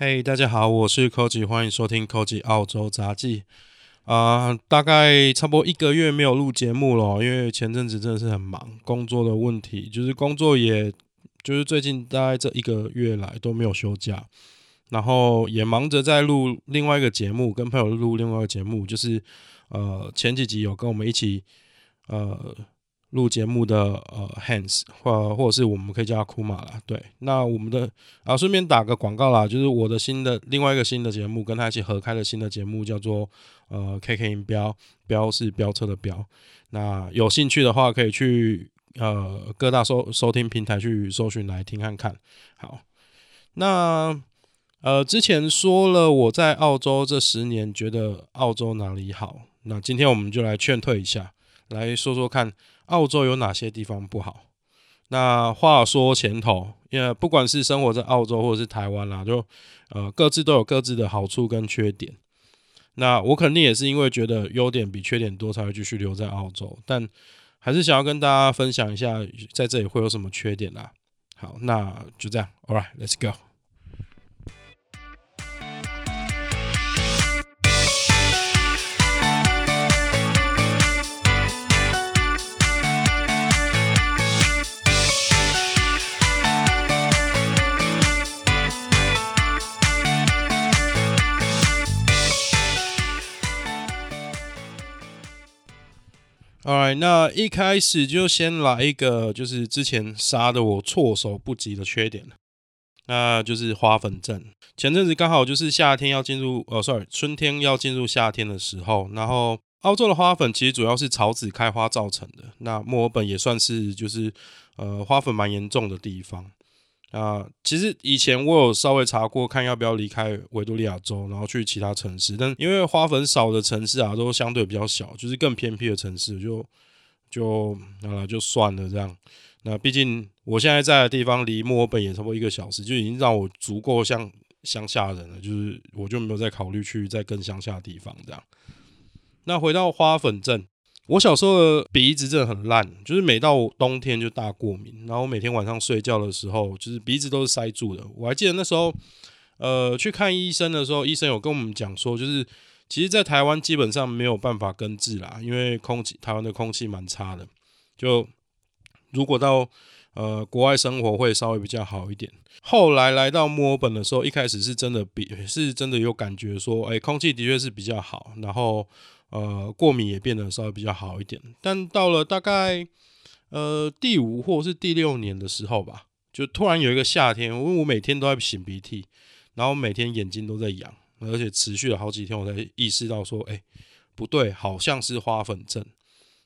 嘿，hey, 大家好，我是 Koji, 歡迎收聽 Koji 澳洲雜記。啊、呃，大概差不多一個月沒有錄節目了，因為前陣子真的是很忙，工作的問題，就是工作也，也就是最近大概這一個月來都沒有休假，然後也忙着在錄另外一個節目，跟朋友錄另外一個節目，就是呃，前幾集有跟我們一起呃。錄節目的呃，Hans 或者，或者是我們可以叫他 Kuma 啦，對。那我們的啊，順便打個廣告啦，就是我的新的另外一個新的節目，跟他一起合開的新的節目叫做呃 KK 音標，標是飆車的標。那有興趣的話，可以去呃各大收收聽平台去搜尋來聽看看。好，那呃之前說了我在澳洲這十年覺得澳洲哪裡好，那今天我們就來勸退一下，來說說看。澳洲有哪些地方不好？那話說前頭，因為不管是生活在澳洲或者是台灣啦、啊，就呃各自都有各自的好處跟缺點。那我肯定也是因為覺得優點比缺點多，才會繼續留在澳洲。但還是想要跟大家分享一下，在這裡會有什麼缺點啦、啊。好，那就這樣。All right, let's go. 哎，那一開始就先來一個，就是之前殺的我措手不及的缺點，那就是花粉症。前陣子剛好就是夏天要進入，哦，sorry，春天要進入夏天的時候，然後澳洲的花粉其實主要是草籽開花造成的。那墨爾本也算是就是，呃，花粉蠻嚴重的地方。啊、呃，其實以前我有稍微查過，看要不要離開維多利亞州，然後去其他城市，但因為花粉少的城市啊，都相對比較小，就是更偏僻的城市就，就就啊、呃，就算了這樣。那畢竟我現在在的地方離墨爾本也差不多一個小時，就已經讓我足夠像鄉下人了，就是我就沒有再考慮去再更鄉下的地方這樣。那回到花粉鎮。我小時候的鼻子真的很爛，就是每到冬天就大過敏，然後我每天晚上睡覺的時候，就是鼻子都是塞住的。我還記得那時候，呃，去看醫生的時候，醫生有跟我們講說，就是其實在台灣基本上沒有辦法根治啦，因為空氣台灣的空氣蠻差的。就，如果到，呃，國外生活會稍微比較好一點。後來來到墨爾本的時候，一開始是真的比是真的有感覺說，哎、欸，空氣的確是比較好，然後。呃，過敏也變得稍微比較好一點，但到了大概呃第五或是第六年的時候吧，就突然有一個夏天，因為我每天都在擤鼻涕，然後每天眼睛都在癢，而且持續了好幾天，我才意識到說，哎、欸，不對，好像是花粉症。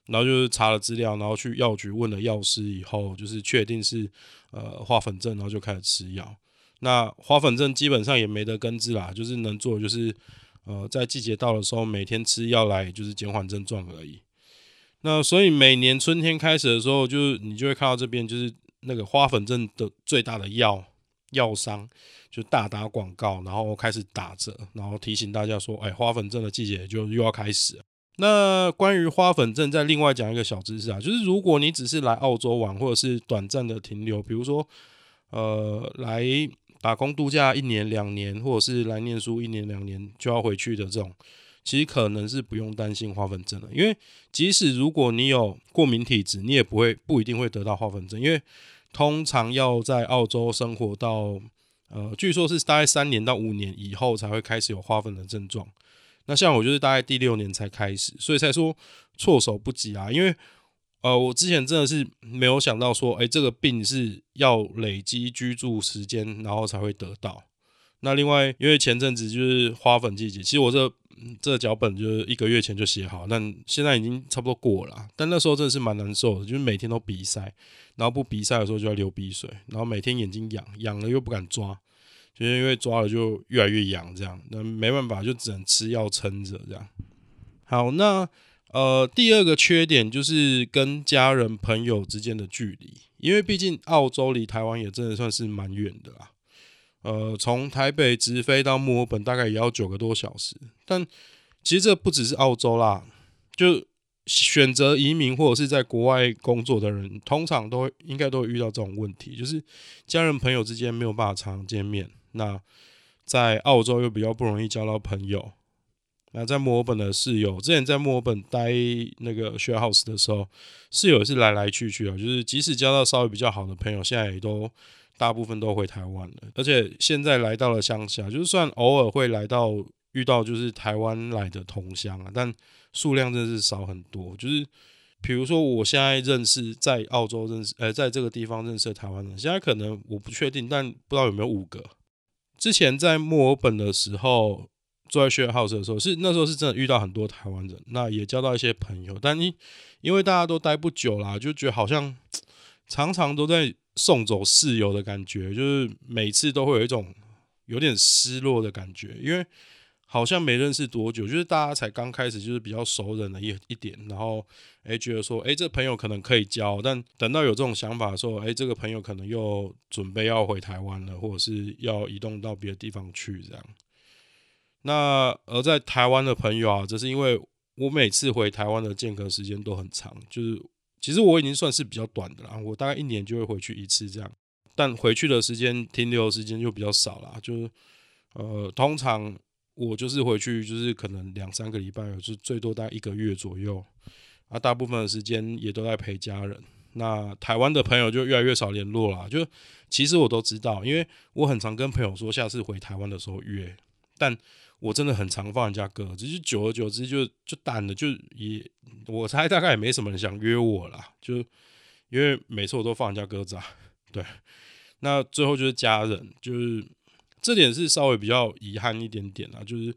然後就是查了資料，然後去藥局問了藥師以後，就是確定是呃花粉症，然後就開始吃藥。那花粉症基本上也沒得根治啦，就是能做就是。呃，在季節到的時候，每天吃藥來就是減緩症狀而已。那所以每年春天開始的時候，就是你就會看到這邊就是那個花粉症的最大的藥藥商就大打廣告，然後開始打折，然後提醒大家說：“哎、欸，花粉症的季節就又要開始了。”那關於花粉症，再另外講一個小知識啊，就是如果你只是來澳洲玩或者是短暫的停留，比如說，呃，來。打工度假一年兩年，或者是來念書一年兩年就要回去的這種，其實可能是不用擔心花粉症的，因為即使如果你有過敏體質，你也不會不一定會得到花粉症，因為通常要在澳洲生活到呃，據說是大概三年到五年以後才會開始有花粉的症狀。那像我就是大概第六年才開始，所以才說措手不及啊，因為。呃，我之前真的是沒有想到說，誒、欸，這個病是要累積居住時間，然後才會得到。那另外，因為前陣子就是花粉季節，其實我這、嗯、這個腳本就是一個月前就寫好，但現在已經差不多過了。但那時候真的是蠻難受的，就是每天都鼻塞，然後不鼻塞的時候就要流鼻水，然後每天眼睛癢，癢了又不敢抓，就是因為抓了就越來越癢這樣，那沒辦法就只能吃藥撐着這樣。好，那。呃，第二個缺點就是跟家人朋友之間的距離，因為畢竟澳洲離台灣也真的算是蠻遠的啦。呃，從台北直飛到墨爾本大概也要九個多小時，但其實這不只是澳洲啦，就選擇移民或者是在國外工作的人，通常都應該都會遇到這種問題，就是家人朋友之間沒有辦法常常見面。那在澳洲又比較不容易交到朋友。那、啊、在墨爾本的室友，之前在墨爾本待那個 share house 的時候，室友是來來去去啊。就是即使交到稍微比較好的朋友，現在也都大部分都回台灣了。而且現在來到了鄉下，就算偶爾會來到遇到，就是台灣來的同鄉啊，但數量真的是少很多。就是比如說，我現在認識在澳洲認識，呃，在這個地方認識台灣人，現在可能我不確定，但不知道有沒有五個。之前在墨爾本的時候。坐在 share House 的時候，是那時候是真的遇到很多台灣人，那也交到一些朋友。但因因為大家都待不久啦，就覺得好像常常都在送走室友的感覺，就是每次都會有一種有點失落的感覺，因為好像沒認識多久，就是大家才剛開始就是比較熟人的一一點，然後誒、欸、覺得說，誒、欸、這朋友可能可以交，但等到有這種想法的時候，誒、欸、這個朋友可能又準備要回台灣了，或者是要移動到別的地方去這樣。那而在台灣的朋友啊，這是因為我每次回台灣的間隔時間都很長，就是其實我已經算是比較短的啦，我大概一年就會回去一次這樣，但回去的時間停留的時間就比較少啦，就是呃，通常我就是回去就是可能兩三個禮拜，就最多待一個月左右，啊，大部分的時間也都在陪家人。那台灣的朋友就越來越少聯絡啦，就其實我都知道，因為我很常跟朋友說，下次回台灣的時候約，但我真的很常放人家鴿子，就久而久之就就淡了，就，就，就，了就也我猜大概也沒什麼人想約我了啦，就因為每次我都放人家鴿子啊。對，那最後就是家人，就是這點是稍微比較遺憾一點點啊，就是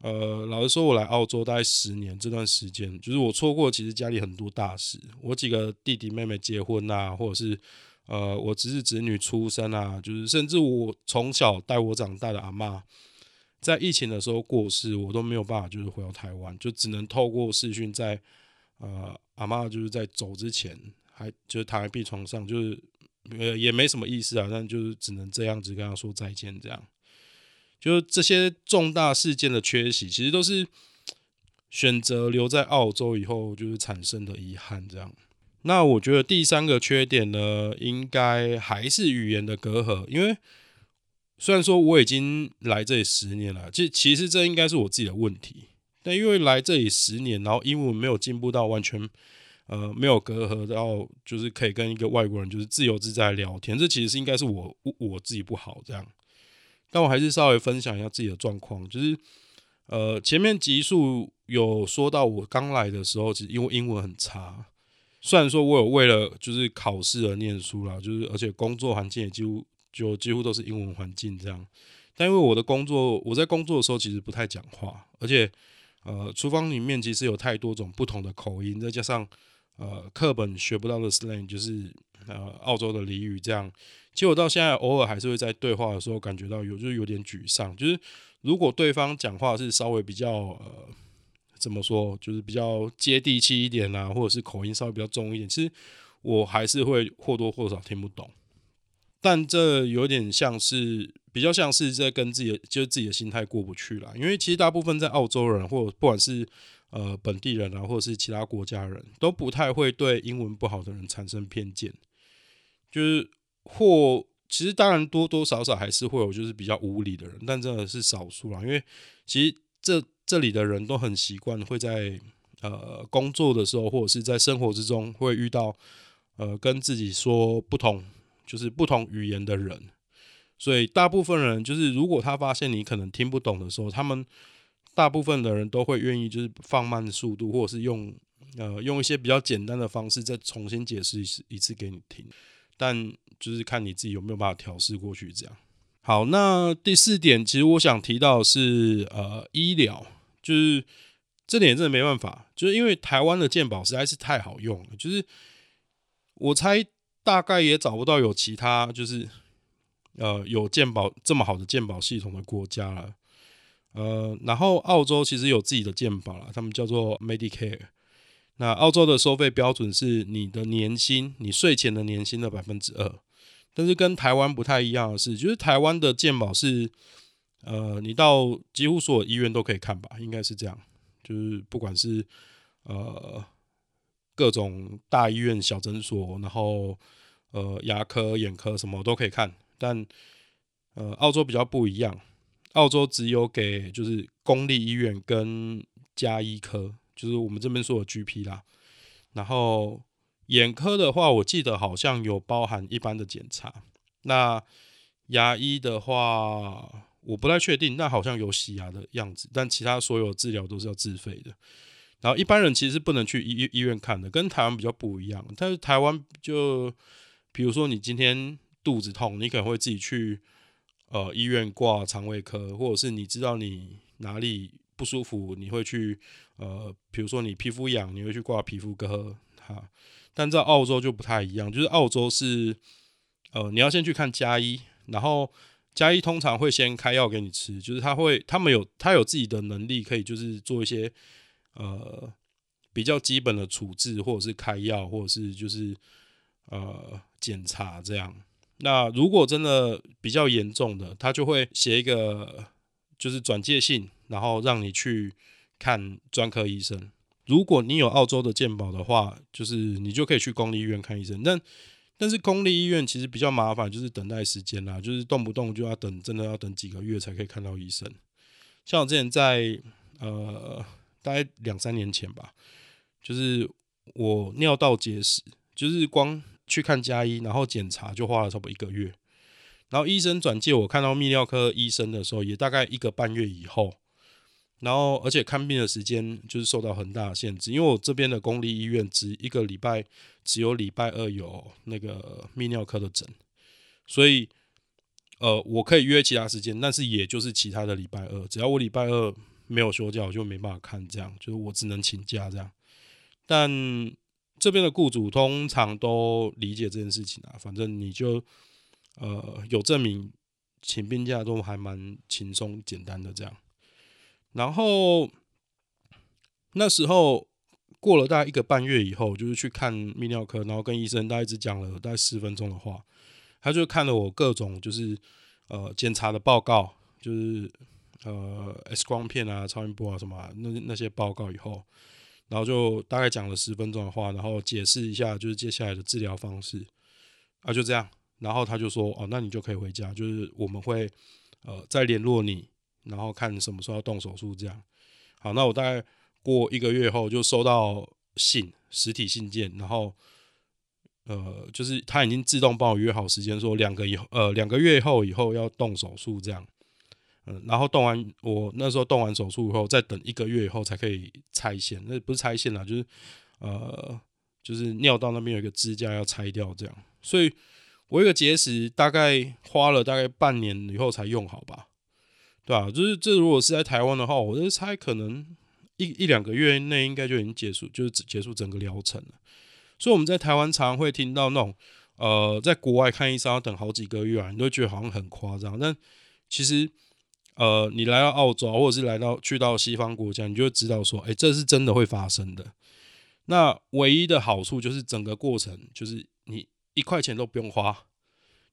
呃老實說，我來澳洲待十年這段時間，就是我錯過其實家裡很多大事，我幾個弟弟妹妹結婚啊，或者是呃我侄子侄女出生啊，就是甚至我從小帶我長大的阿嬤。在疫情的時候過世，我都沒有辦法，就是回到台灣，就只能透過視訊。在呃，阿嬤，就是在走之前，還就是躺在病床上，就是呃也沒什麼意思啊，但就是只能這樣子跟他說再見，這樣。就是這些重大事件的缺席，其實都是選擇留在澳洲以後，就是產生的遺憾。這樣。那我覺得第三個缺點呢，應該還是語言的隔閡，因為。雖然說我已經來這裡十年了，其實其實這應該是我自己的問題。但因為來這裡十年，然後英文沒有進步到完全，呃，沒有隔閡到就是可以跟一個外國人就是自由自在聊天，這其實是應該是我我，我自己不好這樣。但我還是稍微分享一下自己的狀況，就是呃，前面集數有說到我剛來的時候，其實因為英文很差，雖然說我有為了就是考試而念書啦，就是而且工作環境也幾乎。就幾乎都是英文環境這樣，但因為我的工作，我在工作的時候其實不太講話，而且呃，廚房裡面其實有太多種不同的口音，再加上呃課本學不到的 slang，就是呃澳洲的俚語這樣。其實我到現在偶爾還是會在對話的時候感覺到有，就是有點沮喪，就是如果對方講話是稍微比較呃怎麼說，就是比較接地氣一點啊，或者是口音稍微比較重一點，其實我還是會或多或少聽不懂。但這有點像是比較像是在跟自己的就是自己的心態過不去啦，因為其實大部分在澳洲人，或者不管是呃本地人啊，或者是其他國家人都不太會對英文不好的人產生偏見，就是或其實當然多多少少還是會有就是比較無理的人，但真的是少數啦。因為其實這這裡的人都很習慣會在呃工作的時候，或者是在生活之中會遇到呃跟自己說不同。就是不同語言的人，所以大部分人就是，如果他發現你可能聽不懂的時候，他們大部分的人都會願意就是放慢速度，或者是用呃用一些比較簡單的方式再重新解釋一次給你聽。但就是看你自己有沒有辦法調適過去這樣。好，那第四點，其實我想提到是呃醫療，就是這點真的沒辦法，就是因為台灣的健保實在是太好用了，就是我猜。大概也找不到有其他，就是呃有健保這麼好的健保系統的國家了。呃，然後澳洲其實有自己的健保了，他們叫做 Medicare。那澳洲的收費標準是你的年薪，你稅前的年薪的百分之二。但是跟台灣不太一樣的是，就是台灣的健保是呃，你到幾乎所有醫院都可以看吧，應該是這樣。就是不管是呃各種大醫院、小診所，然後。呃，牙科、眼科什麼都可以看，但呃，澳洲比較不一樣，澳洲只有給就是公立醫院跟家醫科，就是我們這邊說的 GP 啦。然後眼科的話，我記得好像有包含一般的檢查。那牙醫的話，我不太確定，但好像有洗牙的樣子，但其他所有治療都是要自費的。然後一般人其實是不能去醫醫院看的，跟台灣比較不一樣，但是台灣就。比如說，你今天肚子痛，你可能會自己去呃醫院掛腸胃科，或者是你知道你哪裡不舒服，你會去呃，比如說你皮膚癢，你會去掛皮膚科哈。但在澳洲就不太一樣，就是澳洲是呃你要先去看家醫，然後家醫通常會先開藥給你吃，就是他會他們有他有自己的能力可以就是做一些呃比較基本的處置，或者是開藥，或者是就是。呃，檢查這樣，那如果真的比較嚴重的，他就會寫一個就是轉介信，然後讓你去看專科醫生。如果你有澳洲的健保的話，就是你就可以去公立醫院看醫生。但但是公立醫院其實比較麻煩，就是等待時間啦，就是動不動就要等，真的要等幾個月才可以看到醫生。像我之前在呃，大概兩三年前吧，就是我尿道結石，就是光。去看家醫，然後檢查就花了差不多一個月。然後醫生轉介我看到泌尿科醫生的時候，也大概一個半月以後。然後，而且看病的時間就是受到很大的限制，因為我這邊的公立醫院只一個禮拜只有禮拜二有那個泌尿科的診，所以，呃，我可以約其他時間，但是也就是其他的禮拜二，只要我禮拜二沒有休假，我就沒辦法看。這樣就是我只能請假這樣，但。這邊的雇主通常都理解這件事情啊，反正你就呃有證明，請病假都還蠻輕鬆簡單的這樣。然後那時候過了大概一個半月以後，就是去看泌尿科，然後跟醫生大概只講了大概十分鐘的話，他就看了我各種就是呃檢查的報告，就是呃 X 光片啊、超音波啊什麼啊那那些報告以後。然後就大概講了十分鐘的話，然後解釋一下就是接下來的治療方式啊，就這樣。然後他就說：“哦，那你就可以回家，就是我們會呃再聯絡你，然後看什麼時候要動手術這樣。”好，那我大概過一個月後就收到信，實體信件，然後呃，就是他已經自動幫我約好時間，說兩個以後呃兩個月後以後要動手術這樣。嗯，然後動完，我那時候動完手術以後，再等一個月以後才可以拆線。那不是拆線啦，就是呃，就是尿道那邊有一個支架要拆掉，這樣。所以，我一個結石大概花了大概半年以後才用好吧？對啊，就是這如果是在台灣的話，我猜可能一一兩個月內應該就已經結束，就是結束整個療程了。所以我們在台灣常常會聽到那種呃，在國外看醫生要等好幾個月啊，你都覺得好像很誇張，但其實。呃，你來到澳洲，或者是來到去到西方國家，你就會知道說，哎、欸，這是真的會發生的。那唯一的好處就是整個過程就是你一塊錢都不用花，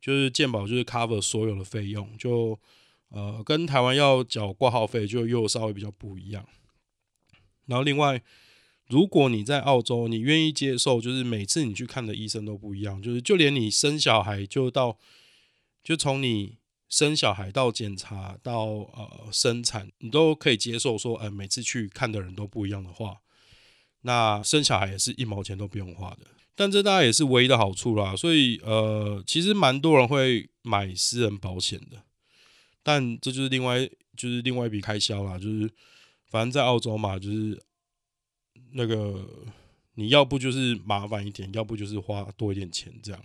就是健保就是 cover 所有的費用，就呃跟台灣要繳掛號費就又稍微比較不一樣。然後另外，如果你在澳洲，你願意接受，就是每次你去看的醫生都不一樣，就是就連你生小孩就到就從你。生小孩到檢查到呃生產，你都可以接受說，哎、呃，每次去看的人都不一樣的話，那生小孩也是一毛錢都不用花的。但這當然也是唯一的好處啦，所以呃，其實蠻多人會買私人保險的，但這就是另外就是另外一筆開銷啦，就是反正，在澳洲嘛，就是那個你要不就是麻煩一點，要不就是花多一點錢這樣。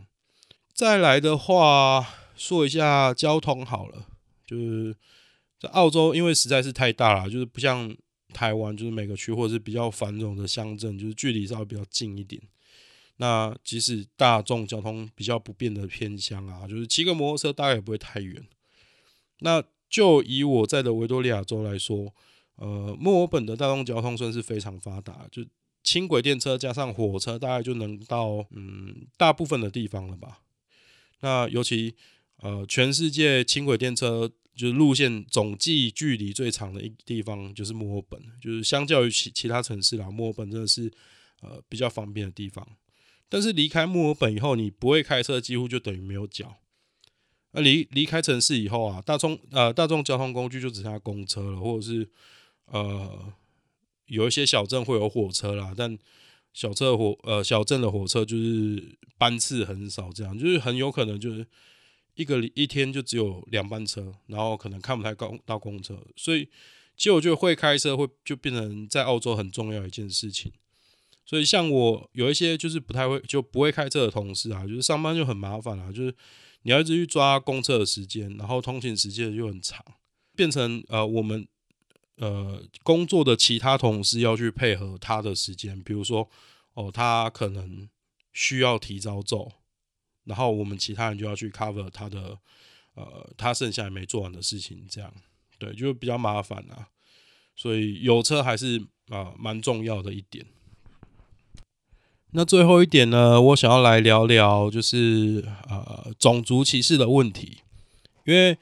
再來的話，說一下交通好了，就是在澳洲，因為實在是太大了，就是不像台灣，就是每個區或者是比較繁榮的鄉鎮，就是距離稍微比較近一點。那即使大眾交通比較不便的偏鄉啊，就是騎個摩托車大概也不會太遠。那就以我在的維多利亞州來說，呃，墨爾本的大眾交通算是非常發達，就輕軌電車加上火車，大概就能到嗯大部分的地方了吧。那尤其。呃，全世界輕軌電車就是路線總計距離最長的一個地方就是墨爾本，就是相較於其其他城市啦，墨爾本真的是呃比較方便的地方。但是離開墨爾本以後，你不會開車，幾乎就等於沒有腳。那離離開城市以後啊，大眾呃大眾交通工具就只剩下公車了，或者是呃有一些小鎮會有火車啦，但小車火呃小鎮的火車就是班次很少，這樣就是很有可能就是。一個一天就只有兩班車，然後可能看不太到到公車，所以其實我覺得會開車會就變成在澳洲很重要一件事情。所以像我有一些就是不太會就不會開車的同事啊，就是上班就很麻煩了、啊，就是你要一直去抓公車的時間，然後通勤時間又很長，變成呃我們呃工作的其他同事要去配合他的時間，比如說哦、呃、他可能需要提早走。然後我們其他人就要去 cover 他的，呃，他剩下也沒做完的事情，這樣，對，就比較麻煩啦、啊。所以有車還是啊、呃、蠻重要的一點。那最後一點呢，我想要來聊聊就是呃，種族歧視的問題，因為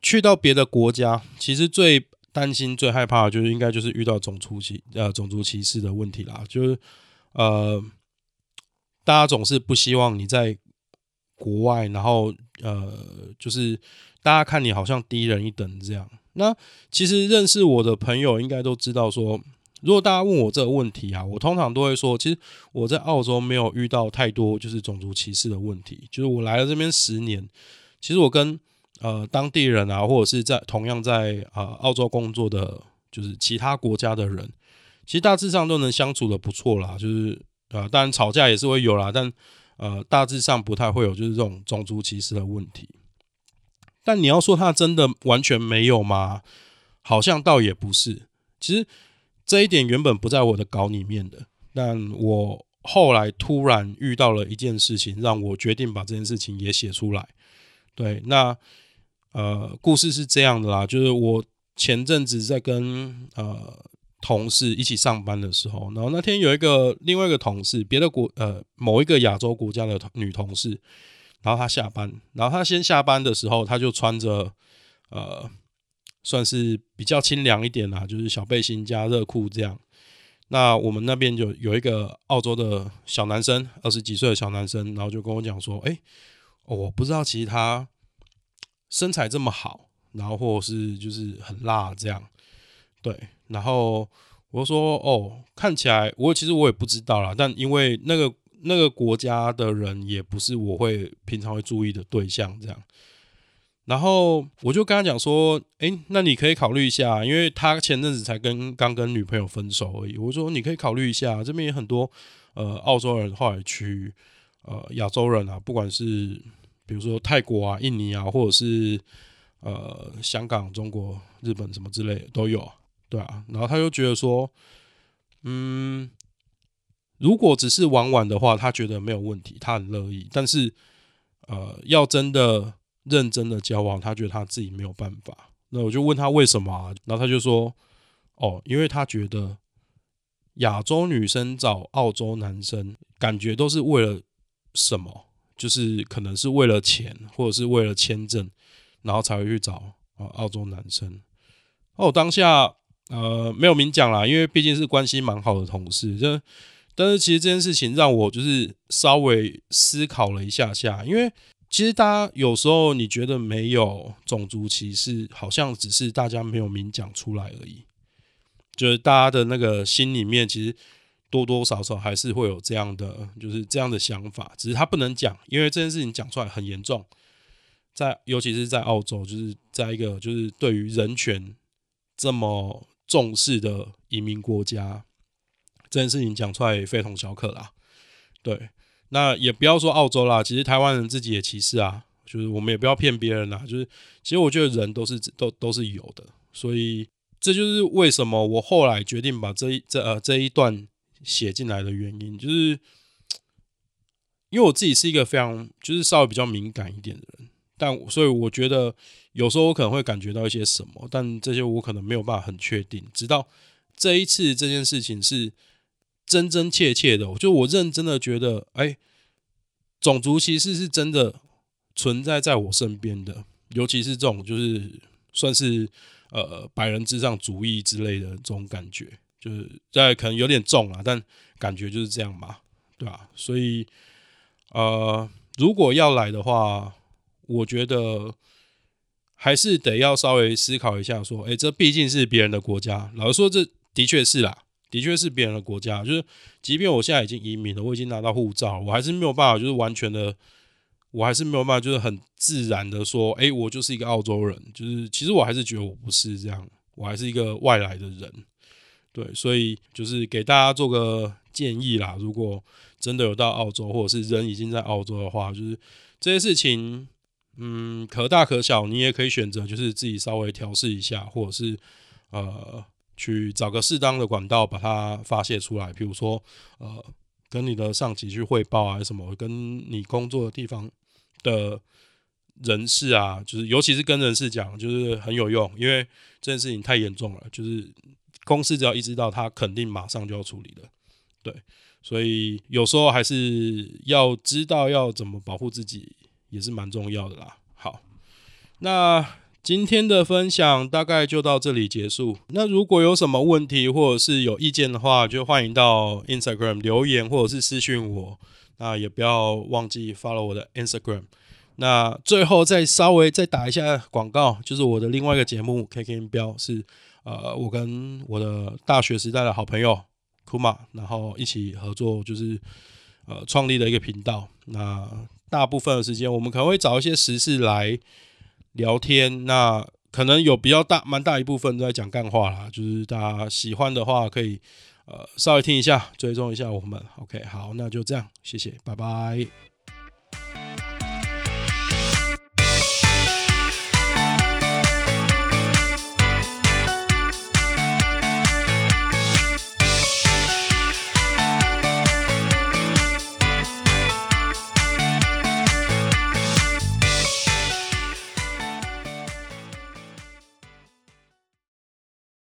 去到別的國家，其實最擔心、最害怕的就是應該就是遇到種族歧呃種族歧視的問題啦，就是呃。大家總是不希望你在國外，然後呃，就是大家看你好像低人一等這樣。那其實認識我的朋友應該都知道說，說如果大家問我這個問題啊，我通常都會說，其實我在澳洲沒有遇到太多就是種族歧視的問題。就是我來了這邊十年，其實我跟呃當地人啊，或者是在同樣在啊、呃、澳洲工作的就是其他國家的人，其實大致上都能相處得不錯啦，就是。啊，當然，呃，吵架也是會有啦，但呃，大致上不太會有就是這種種族歧視的問題。但你要說他真的完全沒有嗎？好像倒也不是。其實這一點原本不在我的稿裡面的，但我後來突然遇到了一件事情，讓我決定把這件事情也寫出來。對，那呃，故事是這樣的啦，就是我前陣子在跟呃。同事一起上班的時候，然後那天有一個另外一個同事，別的國呃某一個亞洲國家的女同事，然後她下班，然後她先下班的時候，她就穿着呃算是比較清涼一點啦，就是小背心加熱褲這樣。那我們那邊就有一個澳洲的小男生，二十幾歲的小男生，然後就跟我講說：“哎、欸，我不知道其實他身材這麼好，然後或者是就是很辣這樣，對。”然後我就說：“哦，看起來我其實我也不知道啦，但因為那個那個國家的人也不是我會平常會注意的對象，這樣。然後我就跟他講說，誒，那你可以考慮一下，因為他前陣子才跟剛跟女朋友分手而已。我說你可以考慮一下，這邊也很多呃澳洲人，後來去呃亞洲人啊，不管是比如說泰國啊、印尼啊，或者是呃香港、中國、日本什麼之類的都有。”對啊，然後他就覺得說，嗯，如果只是玩玩的話，他覺得沒有問題，他很樂意。但是，呃，要真的認真的交往，他覺得他自己沒有辦法。那我就問他為什麼啊，然後他就說，哦，因為他覺得亞洲女生找澳洲男生，感覺都是為了什麼？就是可能是為了錢，或者是為了簽證，然後才會去找啊、呃、澳洲男生。哦，當下。呃，沒有明講啦，因為畢竟是關係蠻好的同事，就但是其實這件事情讓我就是稍微思考了一下下，因為其實大家有時候你覺得沒有種族歧視，好像只是大家沒有明講出來而已，就是大家的那個心裡面其實多多少少還是會有這樣的，就是這樣的想法，只是他不能講，因為這件事情講出來很嚴重，在尤其是在澳洲，就是在一個就是對於人權這麼。重視的移民國家，這件事情講出來也非同小可啦。對，那也不要說澳洲啦,其實台灣人自己也歧視啊,就是我們也不要騙別人啦,就是其實我覺得人都是都都是有的,所以這就是為什麼我後來決定把這一這呃這一段寫進來的原因,就是因為我自己是一個非常就是稍微比較敏感一點的人。但所以我覺得有時候我可能會感覺到一些什麼，但這些我可能沒有辦法很確定。直到這一次這件事情是真真切切的，就我認真的覺得，哎，種族歧視是真的存在在我身邊的，尤其是這種就是算是呃白人至上主義之類的這種感覺，就是在可能有點重了、啊，但感覺就是這樣吧，對吧、啊？所以呃，如果要來的話。我覺得還是得要稍微思考一下，說，誒，這畢竟是別人的國家。老實說，這的確是啦，的確是別人的國家。就是，即便我現在已經移民了，我已經拿到護照，我還是沒有辦法，就是完全的，我還是沒有辦法，就是很自然的說，誒，我就是一個澳洲人。就是，其實我還是覺得我不是這樣，我還是一個外來的人。對，所以就是給大家做個建議啦。如果真的有到澳洲，或者是人已經在澳洲的話，就是這些事情。嗯，可大可小，你也可以選擇，就是自己稍微調適一下，或者是呃去找個適當的管道把它發洩出來。比如說，呃，跟你的上級去匯報啊，什麼，跟你工作的地方的人事啊，就是尤其是跟人事講，就是很有用，因為這件事情太嚴重了，就是公司只要一知道，他肯定馬上就要處理的。對，所以有時候還是要知道要怎麼保護自己。也是蠻重要的啦。好，那今天的分享大概就到這裡結束。那如果有什麼問題或者是有意見的話，就歡迎到 Instagram 留言或者是私訊我。那也不要忘記 follow 我的 Instagram。那最後再稍微再打一下廣告，就是我的另外一個節目 KK 標是呃，我跟我的大學時代的好朋友 Kuma 然後一起合作就是呃創立的一個頻道。那大部分的時間，我們可能會找一些時事來聊天。那可能有比較大、蠻大一部分都在講幹話啦。就是大家喜歡的話，可以呃稍微聽一下，追蹤一下我們。OK，好，那就這樣，謝謝，拜拜。